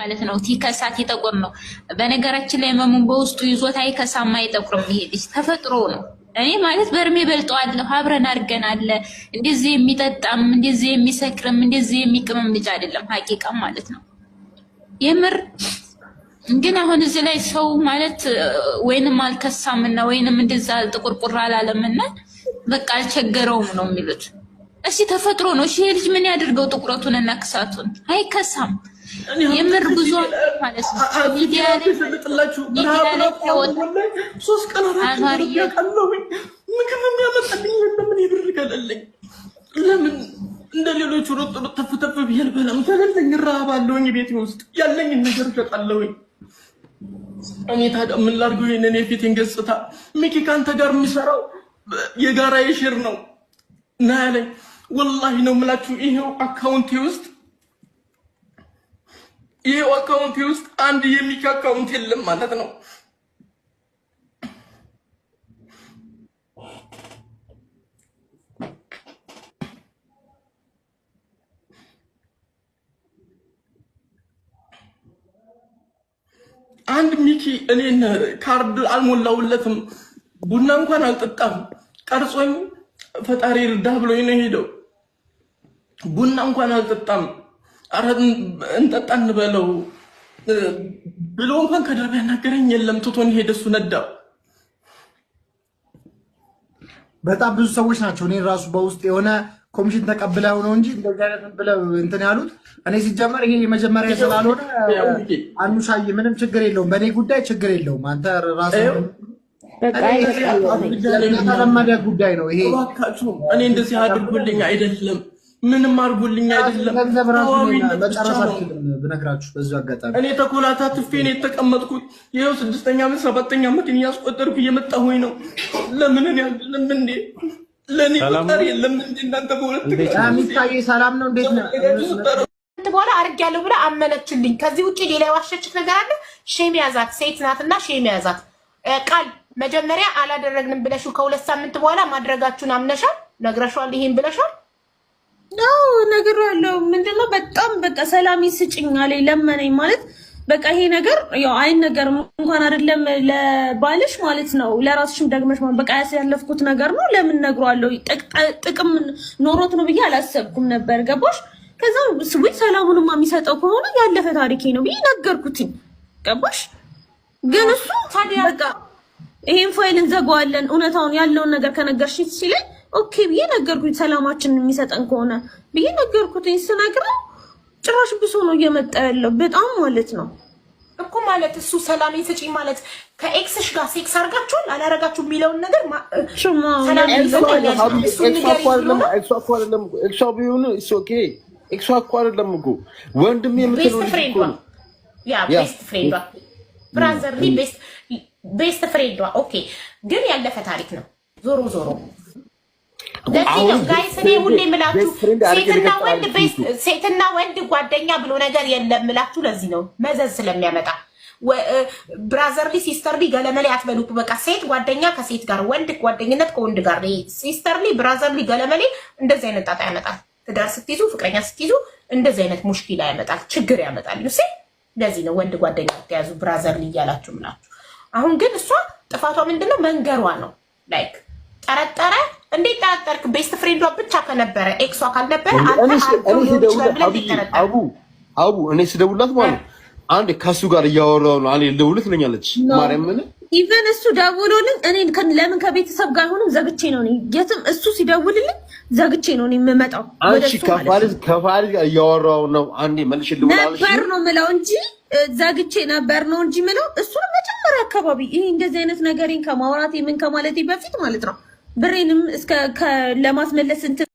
ማለት ነው። ከሳት ይጠቆም ነው። በነገራችን ላይ መሙን በውስጡ ይዞት አይከሳም፣ አይጠቁርም። ይሄ ልጅ ተፈጥሮ ነው። እኔ ማለት በእድሜ በልጠዋለሁ፣ አብረን አድርገናል። እንደዚህ የሚጠጣም እንደዚህ የሚሰክርም እንደዚህ የሚቅምም ልጅ አይደለም። ሀቂቃ ማለት ነው የምር ግን አሁን እዚህ ላይ ሰው ማለት ወይንም አልከሳምና ወይንም እንደዛ ጥቁርቁር አላለምና በቃ አልቸገረውም ነው የሚሉት። እሺ ተፈጥሮ ነው። እሺ ልጅ ምን ያደርገው ጥቁረቱንና ክሳቱን አይከሳም። የምር ጉዞ የሚያመጣልኝ እንደ ሮጥ ሮጥ ተፍ ተፍ ብዬ አልበላም። ከሌለኝ እራባለሁኝ። ቤቴ ውስጥ ያለኝን ነገር እሸጣለሁኝ። እኔ ታዲያ ምን ላድርገው? ገጽታ ሚኪ ከአንተ ጋር የሚሰራው የጋራ የሽር ነው ና ያለኝ። ወላሂ ነው የምላችሁ ይሄው አካውንቴ ውስጥ ይህ አካውንቲ ውስጥ አንድ የሚክ አካውንት የለም ማለት ነው። አንድ ሚኪ እኔን ካርድ አልሞላውለትም፣ ቡና እንኳን አልጠጣም። ቀርጾኝ ፈጣሪ እርዳ ብሎኝ ነው ሄደው። ቡና እንኳን አልጠጣም። ኧረ እንጠጣ እንበለው ብሎ እንኳን ከደርብ ያናገረኝ የለም። ትቶን ሄደ። እሱ ነዳ። በጣም ብዙ ሰዎች ናቸው። እኔ ራሱ በውስጥ የሆነ ኮሚሽን ተቀብለ ነው እንጂ እንደዚህ አይነት ብለው እንትን ያሉት። እኔ ሲጀመር ይሄ የመጀመሪያ ስላልሆነ አንሻይ ምንም ችግር የለውም፣ በእኔ ጉዳይ ችግር የለውም። አንተ ራስህ የተለመደ ጉዳይ ነው ይሄ። እኔ እንደዚህ አድርጉልኝ አይደለም ምንም አድርጎልኝ አይደለም። ብነግራችሁ በዚሁ አጋጣሚ እኔ ተኮላታትፌ ነው የተቀመጥኩት። ይኸው ስድስተኛ ዓመት ሰባተኛ ዓመት እያስቆጠርኩ እየመጣሁኝ ነው። ለምን እኔ አይደለም እንዴ? ለእኔ ቁጠር የለም እንዴ? እናንተ በሁለት የሚታየ ሰላም ነው። እንዴት ነው አርግ ያለው ብለ አመነችልኝ። ከዚህ ውጭ ሌላ የዋሸችት ነገር አለ? ሼም ያዛት ሴት ናትና ሼም ያዛት ቃል መጀመሪያ አላደረግንም ብለሽው ከሁለት ሳምንት በኋላ ማድረጋችሁን አምነሻል፣ ነግረሻል፣ ይሄን ብለሻል። አዎ ነገሩ ያለው ምንድነው? በጣም በቃ ሰላም ስጭኝ አለኝ ለመነኝ። ማለት በቃ ይሄ ነገር ያው አይን ነገር እንኳን አይደለም ለባልሽ ማለት ነው ለራስሽም ደግመሽ ማለት በቃ ያለፍኩት ነገር ነው። ለምን እነግረዋለሁ? ጥቅም ኖሮት ነው ብዬ አላሰብኩም ነበር። ገባሽ? ከዛ ስዊት ሰላሙንማ የሚሰጠው ከሆነ ያለፈ ታሪኬ ነው ብዬ ነገርኩትኝ። ገባሽ? ግን እሱ ይሄን ፋይል እንዘጋዋለን እውነታውን ያለውን ነገር ከነገርሽ ሲለኝ ኦኬ ብዬ ነገርኩኝ። ሰላማችንን የሚሰጠን ከሆነ ብዬ ነገርኩትኝ። ስነግረው ጭራሽ ብሶ ነው እየመጣ ያለው በጣም ማለት ነው እኮ ማለት እሱ ሰላም የሰጪ ማለት ከኤክስሽ ጋር ሴክስ አድርጋችሁን አላረጋችሁ የሚለውን ነገር ኦኬ እኮ አይደለም እኮ የምትለው ቤስት ፍሬንዷ ቤስት ፍሬንዷ ኦኬ ግን ያለፈ ታሪክ ነው ዞሮ ዞሮ ለዚህ ነው ጋይስ እኔ ሁሌ የምላችሁ ሴትና ወንድ ሴትና ወንድ ጓደኛ ብሎ ነገር የለም የምላችሁ ለዚህ ነው መዘዝ ስለሚያመጣ ብራዘርሊ ሲስተርሊ ገለመሌ አትበሉ። በቃ ሴት ጓደኛ ከሴት ጋር፣ ወንድ ጓደኝነት ከወንድ ጋር፣ ሲስተርሊ ብራዘርሊ ገለመሌ እንደዚህ አይነት ጣጣ ያመጣል። ትዳር ስትይዙ፣ ፍቅረኛ ስትይዙ እንደዚህ አይነት ሙሽኪላ ያመጣል፣ ችግር ያመጣል። ዩ ለዚህ ነው ወንድ ጓደኛ ተያዙ ብራዘርሊ እያላችሁ ምናችሁ። አሁን ግን እሷ ጥፋቷ ምንድነው መንገሯ ነው ላይክ ከተጠራጠርክ ቤስት ፍሬንዷ ብቻ ከነበረ ኤክሷ ካልነበረ አቡ አቡ እኔ ስደውላት ማለት አንድ ከሱ ጋር እያወራሁ ነው እኔ ልደውልህ ትለኛለች። ማርያምን ኢቨን እሱ ደውሎልኝ እኔ ለምን ከቤተሰብ ጋር አይሆንም ዘግቼ ነው እኔ የትም እሱ ሲደውልልኝ ዘግቼ ነው እኔ የምመጣው። አንቺ ከፋሪት ጋር እያወራሁ ነው አንዴ መልሼ ልደውላለች ነበር ነው የምለው እንጂ ዘግቼ ነበር ነው እንጂ የምለው እሱን መጀመሪያ አካባቢ ይሄ እንደዚህ አይነት ነገሬን ከማውራቴ ምን ከማለቴ በፊት ማለት ነው ብሬንም ለማስመለስ እንትን